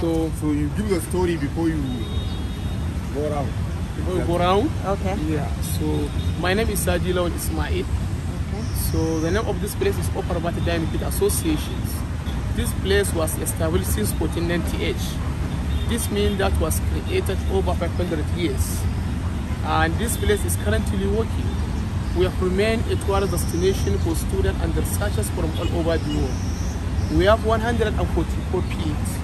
So, so you give the story before you go around. Before you go around? Okay. Yeah. So, my name is Sajilon Ismail. Okay. So, the name of this place is Upper Bata Diamond Associations. This place was established since 1498. This means that was created over 500 years. And this place is currently working. We have remained a tourist destination for students and researchers from all over the world. We have 144 peaks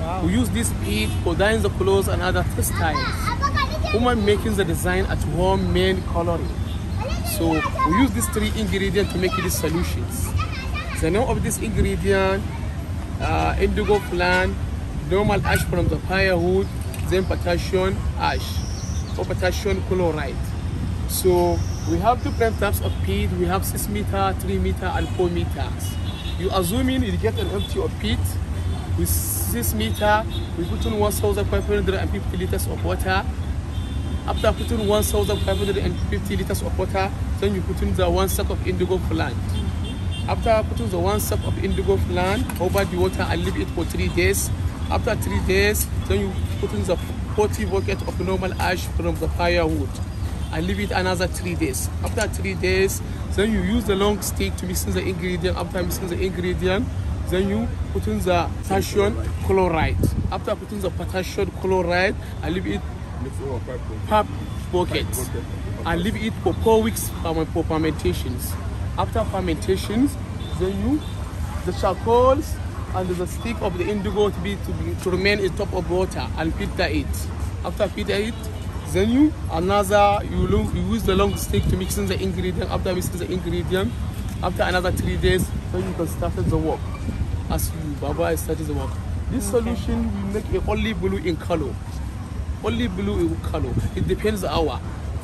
Wow. We use this bead for dyeing the clothes and other textiles. Woman making the design at home, main coloring. So we use these three ingredients to make these solutions. The name of this ingredient, uh, indigo plant, normal ash from the firewood, then potassium ash or potassium chloride. So we have different types of peat. We have 6 meter, 3 meter and 4 meters. You assuming you get an empty of peat, with 6 meter, we put in 1,550 liters of water. After putting 1,550 liters of water, then you put in the one sack of indigo plant. After putting the one sack of indigo plant over the water and leave it for three days. After three days, then you put in the 40 bucket of normal ash from the firewood and leave it another three days. After three days, then you use the long stick to mix in the ingredient. After mixing the ingredient, then you put in the potassium chloride. After putting the potassium chloride, I leave it per pocket. I leave it for four weeks for fermentations. After fermentations, then you the charcoals and the stick of the indigo to be to, be, to remain in top of water and filter it. After filter it, then you another you, long, you use the long stick to mix in the ingredient. After mixing the ingredient, after another three days, then you can start the work as you Baba is the work. This okay. solution will make a only blue in color. Only blue in color. It depends the hour.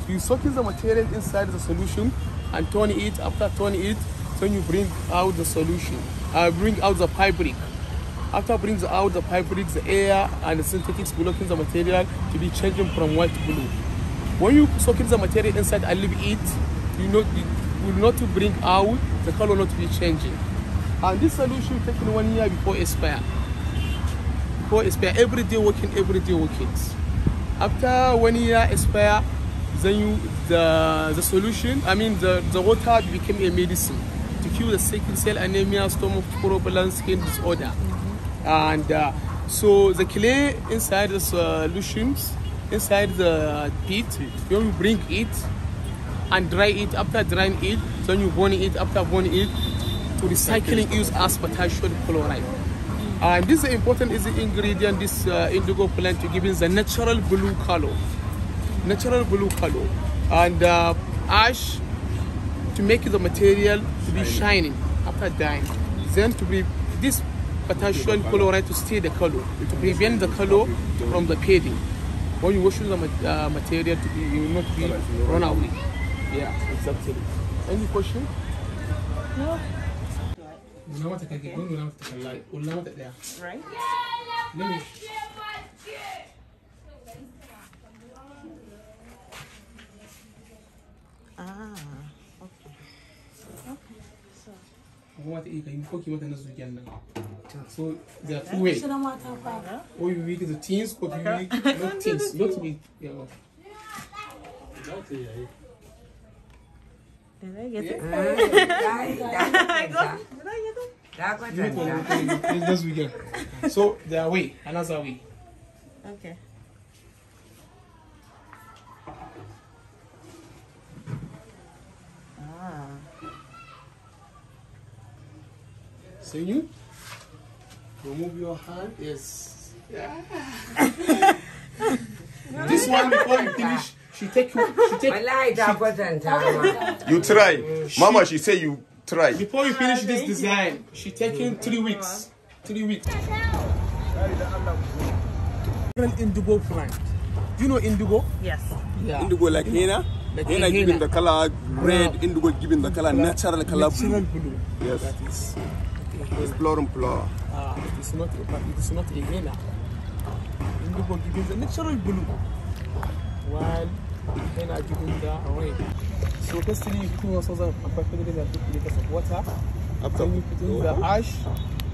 You soak in the material inside the solution and turn it. After turn it, then you bring out the solution. Uh, bring out the fabric. After brings out the fabric, the air and the synthetics blocking the material to be changing from white to blue. When you soak in the material inside and leave it, you know it will not bring out the color not be changing. And this solution taking one year before expire. Before expire, every day working, every day working. After one year expire, then you the the solution. I mean the the water became a medicine to cure the sickle cell anemia, stomach problems, skin disorder, mm -hmm. and uh, so the clay inside the solutions inside the pit. you bring it and dry it. After drying it, then you burn it. After burn it, to recycling use as potassium chloride. And this is important is the ingredient this uh, indigo plant giving the natural blue color, natural blue color, and uh, ash to make the material to be shining after dyeing. Then to be this potassium chloride to stay the color, to prevent the color from the fading. When you wash the uh, material, to be, you will not be run away. Yeah, exactly. Any question? No. Right. mata kake don nuna mata kalla ulla mata daya right limi ah okay okay so kuma mata ika yi so there are two ways or oh, you the teens or you weak not teens not weak yeah Did I get it? I got it. It's this weekend. So they are away, and that's away. Okay. Ah. See you? Remove your hand. Yes. Yeah. this one before you finish, she take you. She take. She, you try, uh, Mama. She say you try. Before we finish this design, she taking three weeks. Three weeks. Indigo plant. Do you know indigo? Yes. Yeah. Indigo like henna? Like henna, giving the color red, yeah. indigo giving the color natural color natural blue. blue. Yes. That is. It's and flower. Ah, it is not it is not a henna. Indigo giving the natural blue. While henna giving the red. So basically you putting yourselves up and and putting of water. After you putting the ash,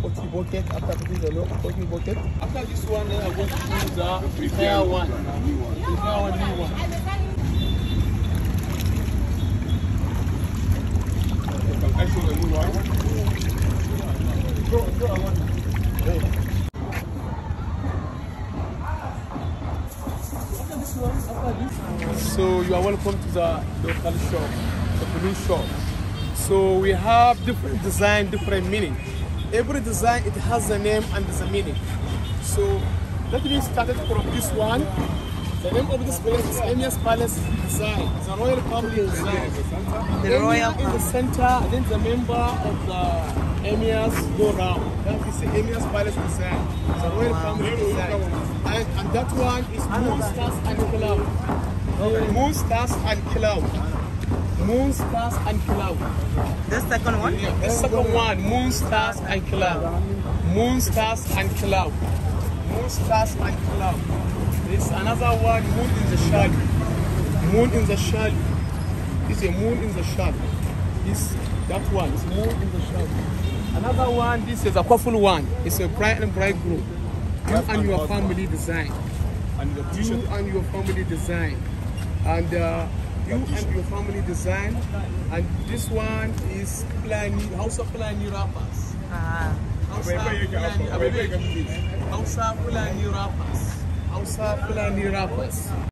potty bucket, after bucket. After this one then uh, I'm to use uh, the prepare one. one. So you are welcome to the local shop, the blue shop. So we have different design, different meaning. Every design, it has a name and there's a meaning. So let me start it from this one. The name of this place is Emir's Palace Design. It's a royal family design. The royal is the center, and then the member of the Emir's go round. That is the Emir's Palace Design. It's a royal family design. And, and that one is Moon Stars and Club. Moon, stars, and cloud. Moon, stars, and cloud. The second one? Yeah, the second one. Moon, stars, and cloud. Moon, stars, and cloud. Moon, stars, and cloud. There's another one, moon in the shadow. Moon in the shadow. It's a moon in the shadow. This, that one, it's moon in the shadow. Another one, this is a powerful one. It's a bright and bright bridegroom. You and your family design. You and your family design and uh, you and your family design and this one is of hausa plani rappers ah. hausa plani rappers hausa plani rappers